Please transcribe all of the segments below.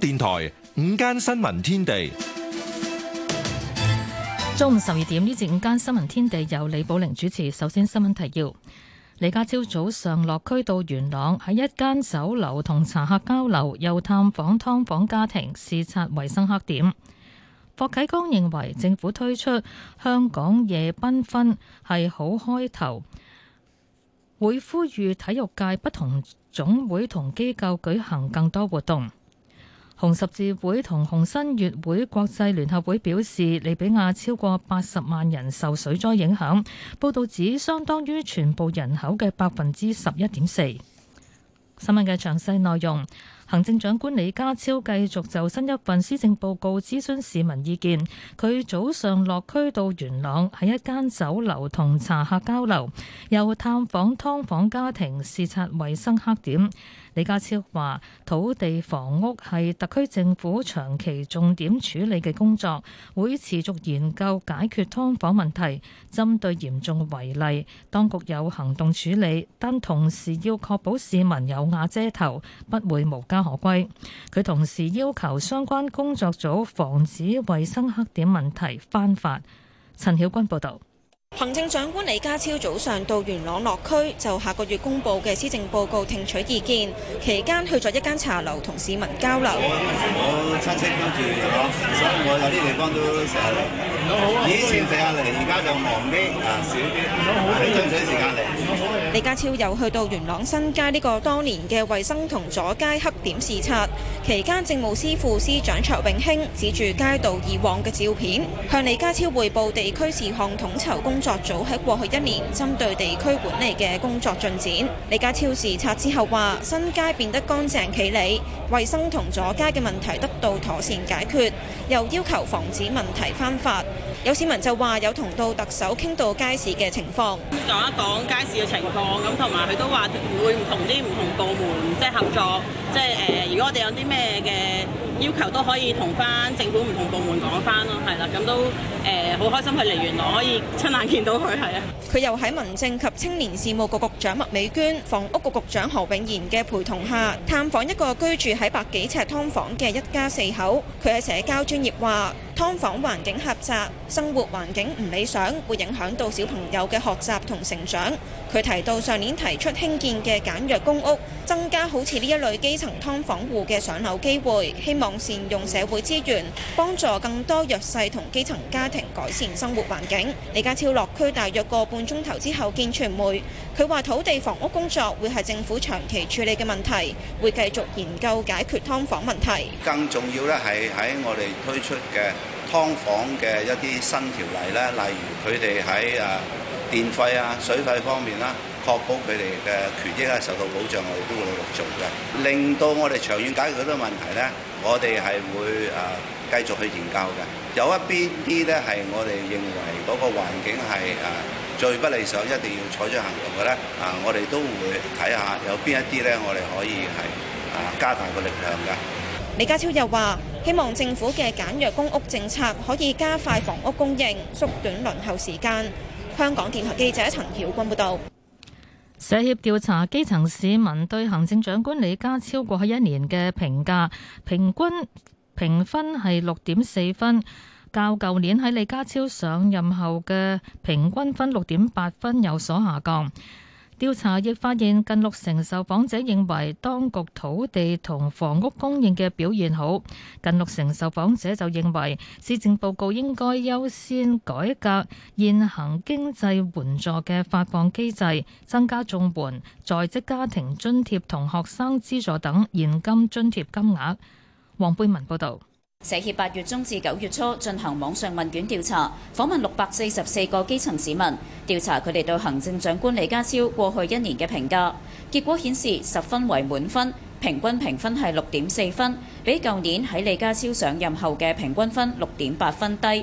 電台午間新聞天地，中午十二點，呢節午間新聞天地由李寶玲主持。首先新聞提要：李家超早上落區到元朗，喺一間酒樓同茶客交流，又探訪湯房家庭，視察衛生黑點。霍啟剛認為政府推出香港夜繽紛係好開頭，會呼籲體育界不同總會同機構舉行更多活動。紅十字會同紅新月會國際聯合會表示，利比亞超過八十萬人受水災影響，報道指相當於全部人口嘅百分之十一點四。新聞嘅詳細內容。行政長官李家超繼續就新一份施政報告諮詢市民意見。佢早上落區到元朗，喺一間酒樓同茶客交流，又探訪劏房家庭，視察衞生黑點。李家超話：土地房屋係特區政府長期重點處理嘅工作，會持續研究解決劏房問題。針對嚴重違例，當局有行動處理，但同時要確保市民有瓦遮頭，不會無家。何歸？佢同時要求相關工作組防止衞生黑點問題翻發。陳曉君報導。行政長官李家超早上到元朗落區就下個月公布嘅施政報告聽取意見，期間去咗一間茶樓同市民交流。好李家超又去到元朗新街呢個當年嘅衛生同阻街黑點視察，期間政務司副司長卓永興指住街道以往嘅照片，向李家超匯報地區事項統籌工作。昨早喺過去一年針對地區管理嘅工作進展，李家超視察之後話，新街變得乾淨企理，衛生同阻街嘅問題得到妥善解決，又要求防止問題翻發。有市民就話有同到特首傾到街市嘅情況，講一講街市嘅情況，咁同埋佢都話會唔同啲唔同部門即係、就是、合作，即係誒，如果我哋有啲咩嘅。要求都可以同翻政府唔同部門講翻咯，係啦，咁都誒好開心佢嚟元朗，呃、我可以親眼見到佢，係啊！佢又喺民政及青年事務局局，局長麥美娟、房屋局局長何永賢嘅陪同下，探訪一個居住喺百幾尺劏房嘅一家四口。佢喺社交專業話。劏房環境狹窄，生活環境唔理想，會影響到小朋友嘅學習同成長。佢提到上年提出興建嘅簡約公屋，增加好似呢一類基層劏房戶嘅上樓機會，希望善用社會資源，幫助更多弱勢同基層家庭改善生活環境。李家超落區大約個半鐘頭之後見傳媒，佢話土地房屋工作會係政府長期處理嘅問題，會繼續研究解決劏房問題。更重要嘅係喺我哋推出嘅。劏房嘅一啲新條例咧，例如佢哋喺誒電費啊、水費方面啦，確保佢哋嘅權益咧受到保障，我哋都會陸續嘅，令到我哋長遠解決嗰啲問題咧，我哋係會誒繼續去研究嘅。有一邊啲咧係我哋認為嗰個環境係誒最不理想，一定要採取行動嘅咧，啊，我哋都會睇下有邊一啲咧，我哋可以係誒加大個力量嘅。李家超又話。希望政府嘅簡約公屋政策可以加快房屋供應，縮短輪候時間。香港電台記者陳曉君報道。社協調查基層市民對行政長官李家超過去一年嘅評價，平均評分係六點四分，較舊年喺李家超上任後嘅平均分六點八分有所下降。調查亦發現，近六成受訪者認為當局土地同房屋供應嘅表現好。近六成受訪者就認為，施政報告應該優先改革現行經濟援助嘅發放機制，增加綜援、在職家庭津貼同學生資助等現金津貼金額。黃貝文報導。社協八月中至九月初進行網上問卷調查，訪問六百四十四個基層市民，調查佢哋對行政長官李家超過去一年嘅評價。結果顯示，十分為滿分，平均評分係六點四分，比舊年喺李家超上任後嘅平均分六點八分低。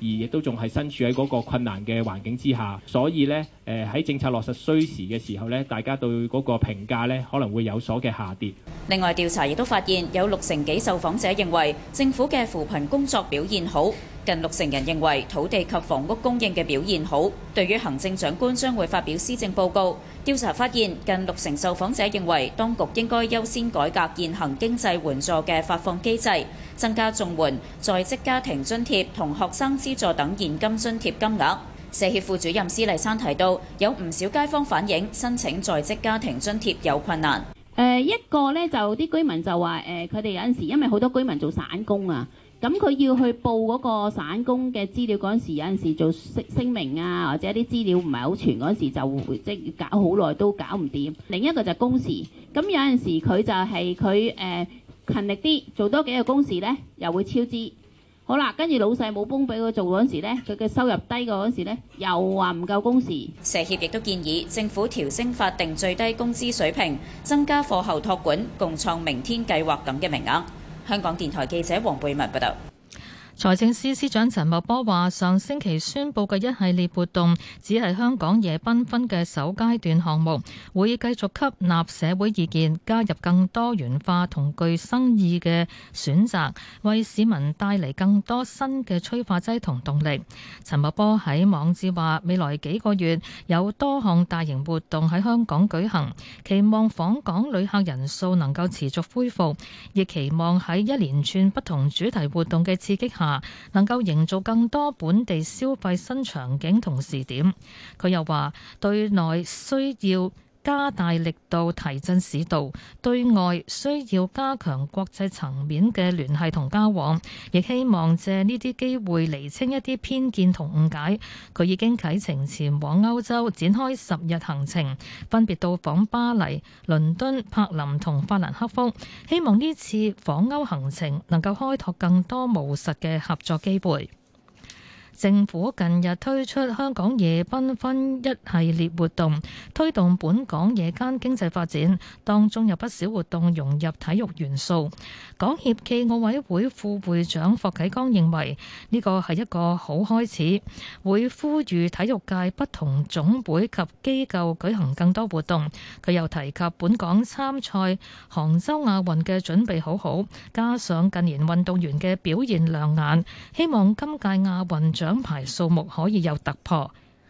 而亦都仲係身處喺嗰個困難嘅環境之下，所以呢，誒喺政策落實需時嘅時候呢，大家對嗰個評價呢，可能會有所嘅下跌。另外調查亦都發現，有六成幾受訪者認為政府嘅扶貧工作表現好。近六成人認為土地及房屋供應嘅表現好。對於行政長官將會發表施政報告，調查發現近六成受訪者認為當局應該優先改革現行經濟援助嘅發放機制，增加綜援、在職家庭津貼同學生資助等現金津貼金額。社協副主任施麗珊提到，有唔少街坊反映申請在職家庭津貼有困難。誒一個呢就啲居民就話誒，佢哋有陣時因為好多居民做散工啊。咁佢要去報嗰個散工嘅資料嗰陣時，有陣時做聲聲明啊，或者啲資料唔係好全嗰陣時，就即係搞好耐都搞唔掂。另一個就係工時，咁有陣時佢就係佢誒勤力啲，做多幾個工時咧，又會超支。好啦，跟住老細冇工俾佢做嗰陣時咧，佢嘅收入低嘅嗰陣時咧，又話唔夠工時。社協亦都建議政府調升法定最低工資水平，增加課後託管、共創明天計劃咁嘅名額。香港電台記者黃貝文報道。財政司司長陳茂波話：上星期宣布嘅一系列活動，只係香港夜繽紛嘅首階段項目，會繼續吸納社會意見，加入更多元化同具新意嘅選擇，為市民帶嚟更多新嘅催化劑同動力。陳茂波喺網誌話：未來幾個月有多項大型活動喺香港舉行，期望訪港旅客人數能夠持續恢復，亦期望喺一連串不同主題活動嘅刺激下。能夠營造更多本地消費新場景同時點，佢又話對內需要，加大力度提振市道，對外需要加強國際層面嘅聯繫同交往，亦希望借呢啲機會釐清一啲偏見同誤解。佢已經啟程前往歐洲，展開十日行程，分別到訪巴黎、倫敦、柏林同法蘭克福，希望呢次訪歐行程能夠開拓更多務實嘅合作機會。政府近日推出香港夜繽紛一系列活動，推動本港夜間經濟發展，當中有不少活動融入體育元素。港協暨奧委會副會長霍啟剛認為呢個係一個好開始，會呼籲體育界不同總會及機構舉行更多活動，佢又提及本港參賽杭州亞運嘅準備好好，加上近年運動員嘅表現亮眼，希望今屆亞運獎。品牌數目可以有突破。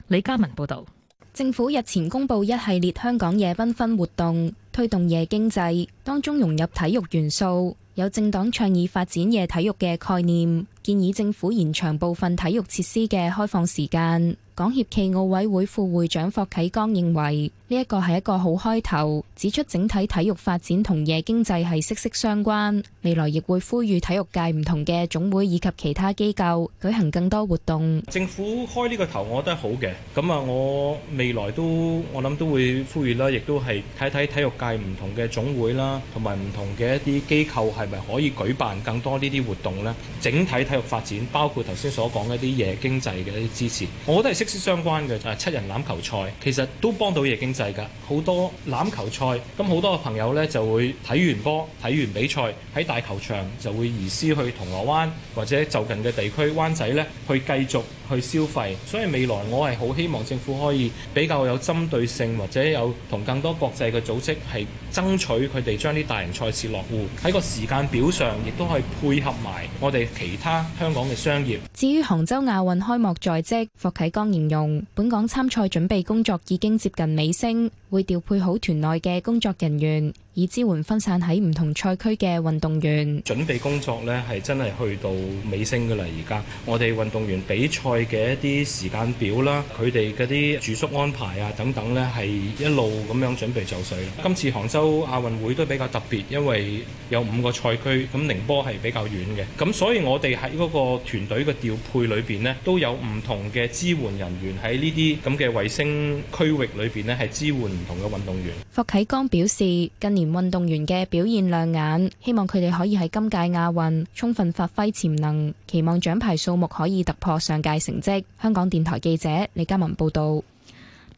李嘉文報道，政府日前公布一系列香港夜繽紛活動。推動夜經濟，當中融入體育元素，有政黨倡議發展夜體育嘅概念，建議政府延長部分體育設施嘅開放時間。港協暨奧委會副會長霍啟剛認為呢一個係一個好開頭，指出整體體育發展同夜經濟係息息相關，未來亦會呼籲體育界唔同嘅總會以及其他機構舉行更多活動。政府開呢個頭，我覺得好嘅，咁啊，我未來都我諗都會呼籲啦，亦都係睇睇體育界。係唔同嘅總會啦，同埋唔同嘅一啲機構係咪可以舉辦更多呢啲活動呢？整體體育發展包括頭先所講一啲夜經濟嘅一啲支持，我覺得係息息相關嘅。就誒，七人欖球賽其實都幫到夜經濟㗎，好多欖球賽咁，好多嘅朋友呢就會睇完波、睇完比賽喺大球場就會移師去銅鑼灣或者就近嘅地區灣仔呢去繼續去消費。所以未來我係好希望政府可以比較有針對性，或者有同更多國際嘅組織。係爭取佢哋將啲大型賽事落戶喺個時間表上，亦都可以配合埋我哋其他香港嘅商業。至於杭州亞運開幕在即，霍啟剛形容本港參賽準備工作已經接近尾聲。會調配好團內嘅工作人員，以支援分散喺唔同賽區嘅運動員。準備工作呢係真係去到尾聲㗎喇，而家我哋運動員比賽嘅一啲時間表啦，佢哋嗰啲住宿安排啊等等呢，係一路咁樣準備就緒。今次杭州亞運會都比較特別，因為有五個賽區，咁寧波係比較遠嘅，咁所以我哋喺嗰個團隊嘅調配裏邊呢，都有唔同嘅支援人員喺呢啲咁嘅衛星區域裏邊呢，係支援。唔同嘅運動員，霍啟剛表示，近年運動員嘅表現亮眼，希望佢哋可以喺今屆亞運充分發揮潛能，期望獎牌數目可以突破上屆成績。香港電台記者李嘉文報道。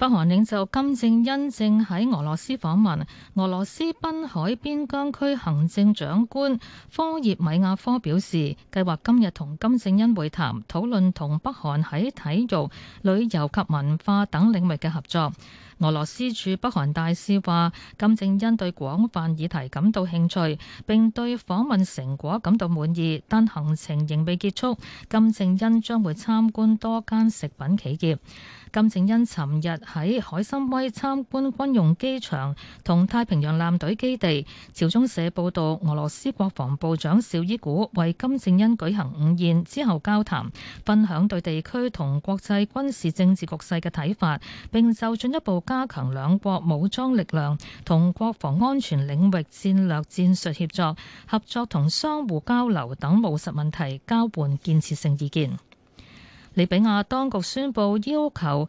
北韓領袖金正恩正喺俄羅斯訪問。俄羅斯濱海邊疆區行政長官科葉米亞科表示，計劃今日同金正恩會談，討論同北韓喺體育、旅遊及文化等領域嘅合作。俄羅斯駐北韓大使話，金正恩對廣泛議題感到興趣，並對訪問成果感到滿意，但行程仍未結束。金正恩將會參觀多間食品企業。金正恩尋日喺海參崴參觀軍用機場同太平洋艦隊基地。朝中社報道，俄羅斯國防部長邵伊古為金正恩舉行午宴之後交談，分享對地區同國際軍事政治局勢嘅睇法，並就進一步加強兩國武裝力量同國防安全領域戰略戰術協作、合作同相互交流等務實問題交換建設性意見。利比亞當局宣布要求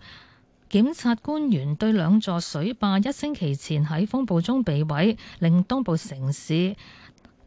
檢察官員對兩座水壩一星期前喺風暴中被毀，令東部城市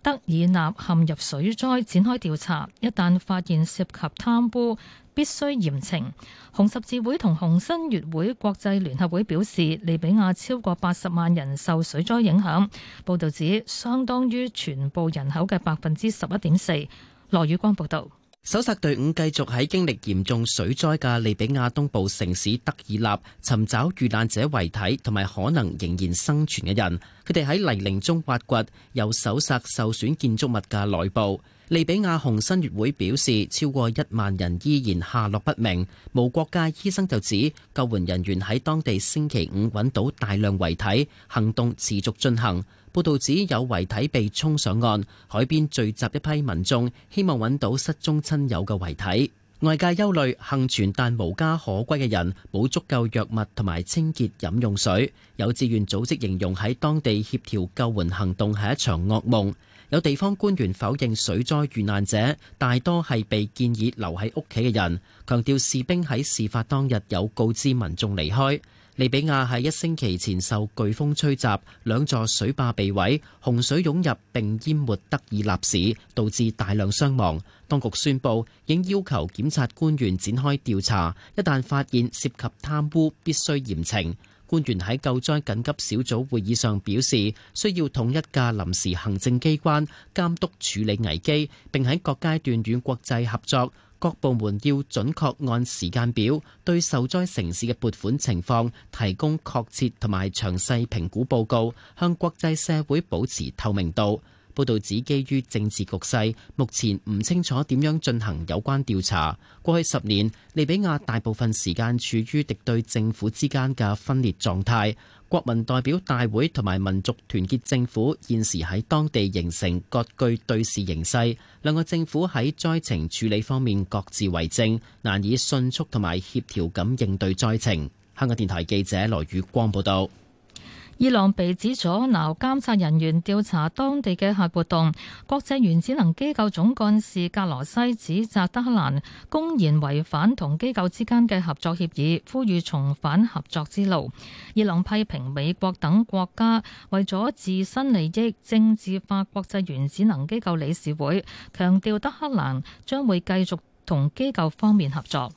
德爾納陷入水災，展開調查。一旦發現涉及貪污，必須嚴懲。紅十字會同紅新月會國際聯合會表示，利比亞超過八十萬人受水災影響。報導指相當於全部人口嘅百分之十一點四。羅宇光報道。搜查隊伍繼續喺經歷嚴重水災嘅利比亞東部城市德爾納尋找遇難者遺體同埋可能仍然生存嘅人，佢哋喺泥濘中挖掘，又搜查受損建築物嘅內部。利比亞紅新月會表示，超過一萬人依然下落不明。無國界醫生就指，救援人員喺當地星期五揾到大量遺體，行動持續進行。報道指有遺體被沖上岸，海邊聚集一批民眾，希望揾到失蹤親友嘅遺體。外界憂慮幸存但無家可歸嘅人冇足夠藥物同埋清潔飲用水。有志願組織形容喺當地協調救援行動係一場噩夢。有地方官員否認水災遇難者大多係被建議留喺屋企嘅人，強調士兵喺事發當日有告知民眾離開。利比亞喺一星期前受颶風吹襲，兩座水壩被毀，洪水湧入並淹沒德爾納市，導致大量傷亡。當局宣佈已要求檢察官員展開調查，一旦發現涉及貪污，必須嚴懲。官員喺救災緊急小組會議上表示，需要統一架臨時行政機關監督處理危機，並喺各階段與國際合作。各部門要準確按時間表對受災城市嘅撥款情況提供確切同埋詳細評估報告，向國際社會保持透明度。報道指，基於政治局勢，目前唔清楚點樣進行有關調查。過去十年，利比亞大部分時間處於敵對政府之間嘅分裂狀態。國民代表大會同埋民族團結政府現時喺當地形成割據對峙形勢。兩個政府喺災情處理方面各自為政，難以迅速同埋協調咁應對災情。香港電台記者羅宇光報道。伊朗被指阻撓監察人員調查當地嘅核活動，國際原子能機構總幹事格羅西指責德黑蘭公然違反同機構之間嘅合作協議，呼籲重返合作之路。伊朗批評美國等國家為咗自身利益政治化國際原子能機構理事會，強調德黑蘭將會繼續同機構方面合作。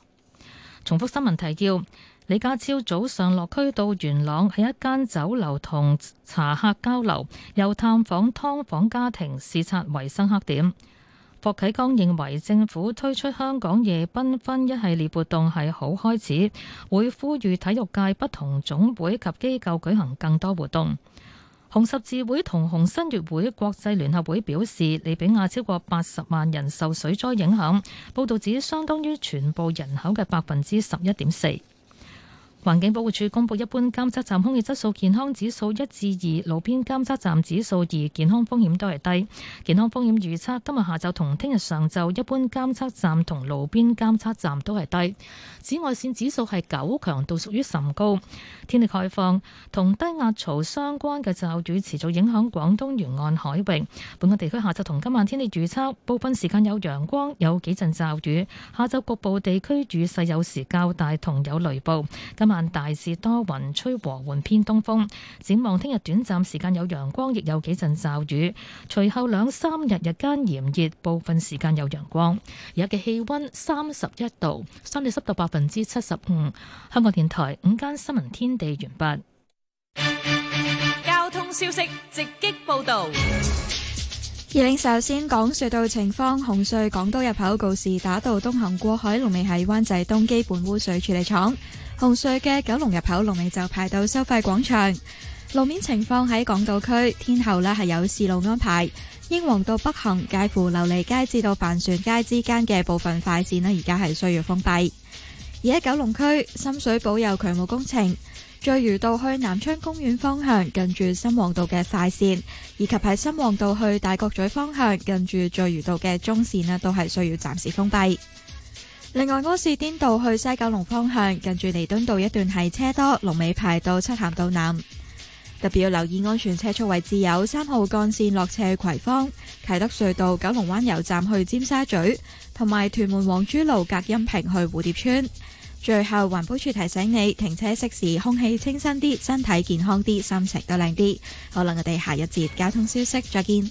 重複新聞提要：李家超早上落區到元朗，喺一間酒樓同茶客交流，又探訪劏房家庭，視察衞生黑點。霍啟剛認為政府推出香港夜繽紛一系列活動係好開始，會呼籲體育界不同總會及機構舉行更多活動。紅十字會同紅新月會國際聯合會表示，利比亞超過八十萬人受水災影響，報導指相當於全部人口嘅百分之十一點四。環境保護署公布一般監測站空氣質素健康指數一至二，路邊監測站指數二，健康風險都係低。健康風險預測今日下晝同聽日上晝一般監測站同路邊監測站都係低。紫外線指數係九，強度屬於甚高。天氣開放，同低壓槽相關嘅驟雨持續影響廣東沿岸海域。本港地區下晝同今晚天氣預測部分時間有陽光，有幾陣驟雨。下晝局部地區雨勢有時較大，同有雷暴。今今晚大致多雲，吹和緩偏東風。展望聽日短暫時間有陽光，亦有幾陣驟雨。隨後兩三日日間炎熱，部分時間有陽光。而家嘅氣温三十一度，相對濕度百分之七十五。香港電台午間新聞天地完畢。交通消息直擊報道。二零首先講隧道情況：紅隧港島入口告士打道東行過海，龍尾喺灣仔東基本污水處理廠。紅隧嘅九龍入口龍尾就排到收費廣場。路面情況喺港島區天后呢係有視路安排，英皇道北行介乎琉璃街至到帆船街之間嘅部分快線呢而家係需要封閉。而喺九龍區深水埗有渠務工程，聚魚道，去南昌公園方向近住深旺道嘅快線，以及喺深旺道去大角咀方向近住聚魚道嘅中線呢都係需要暫時封閉。另外，柯士甸道去西九龍方向，近住彌敦道一段係車多，龍尾排到漆咸道南。特別要留意安全車速位置有三號幹線落斜葵芳啟德隧道九龍灣油站去尖沙咀，同埋屯門黃珠路隔音屏去蝴蝶村。最後，環保署提醒你停車熄匙空氣清新啲，身體健康啲，心情都靚啲。可能我哋下一節交通消息再見。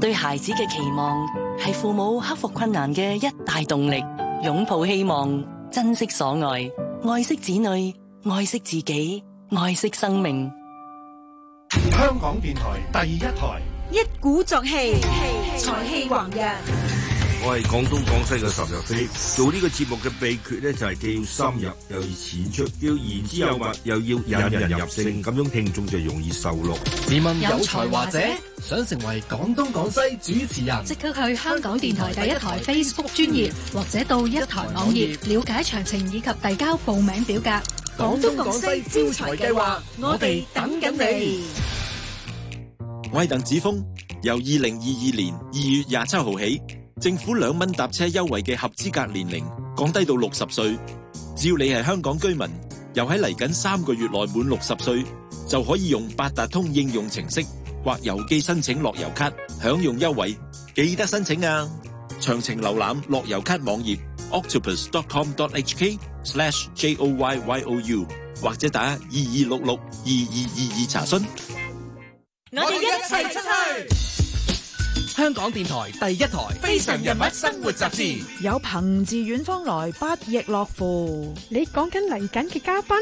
對孩子嘅期望係父母克服困難嘅一大動力，擁抱希望，珍惜所愛，愛惜子女，愛惜自己，愛惜生命。香港電台第一台，一鼓作氣，才氣宏氣人。氣我係廣東廣西嘅十日飛，做呢個節目嘅秘訣咧，就係既要深入又要淺出，要言之有物，又要引人入勝，咁樣聽眾就容易受落。自問有才華者，想成為廣東廣西主持人，即刻去香港電台第一台 Facebook 專頁或者到一台網頁了解詳情以及遞交報名表格。廣東廣西招才計劃，我哋等緊你。我係鄧梓峰，由二零二二年二月廿七號起。政府兩蚊搭車優惠嘅合資格年齡降低到六十歲，只要你係香港居民，又喺嚟緊三個月內滿六十歲，就可以用八達通應用程式或郵寄申請樂悠咭享用優惠。記得申請啊！詳情瀏覽樂悠咭網頁 octopus.com.hk/slash j o y y o u，或者打二二六六二二二二查詢。我哋一齊出去。香港電台第一台《非常人物生活雜誌》，有朋自遠方來，不亦樂乎？你講緊嚟緊嘅嘉賓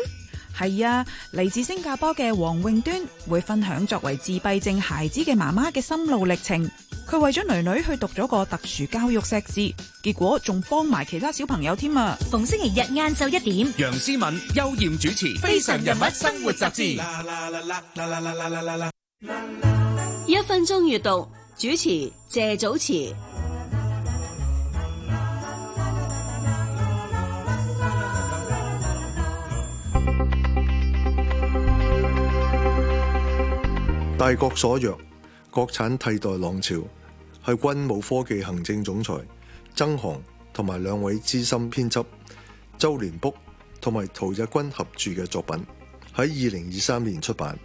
係啊，嚟自新加坡嘅黃穎端會分享作為自閉症孩子嘅媽媽嘅心路歷程。佢為咗囡囡去讀咗個特殊教育碩士，結果仲幫埋其他小朋友添啊！逢星期日晏晝一點，楊思敏、邱艷主持《非常人物生活雜誌》。一分鐘閱讀。主持謝祖慈，大國所約，國產替代浪潮係軍武科技行政總裁曾雄同埋兩位資深編輯周連卜同埋陶日軍合著嘅作品，喺二零二三年出版。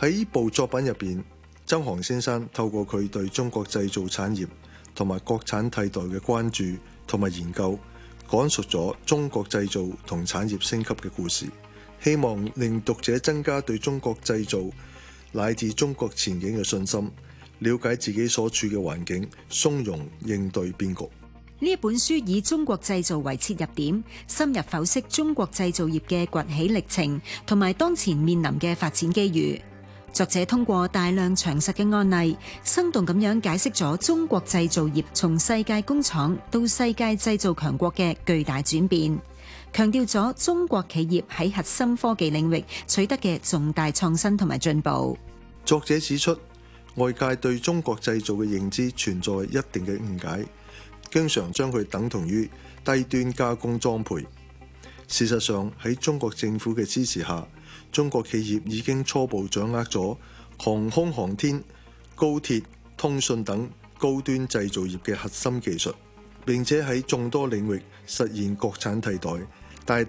喺呢部作品入邊。曾航先生透過佢對中國製造產業同埋國產替代嘅關注同埋研究，講述咗中國製造同產業升級嘅故事，希望令讀者增加對中國製造乃至中國前景嘅信心，了解自己所處嘅環境，從容應對變局。呢本書以中國製造為切入點，深入剖析中國製造業嘅崛起歷程同埋當前面臨嘅發展機遇。作者通過大量詳實嘅案例，生動咁樣解釋咗中國製造業從世界工廠到世界製造強國嘅巨大轉變，強調咗中國企業喺核心科技領域取得嘅重大創新同埋進步。作者指出，外界對中國製造嘅認知存在一定嘅誤解，經常將佢等同於低端加工裝配。事實上，喺中國政府嘅支持下，中國企業已經初步掌握咗航空航天、高鐵、通訊等高端製造業嘅核心技術，並且喺眾多領域實現國產替代。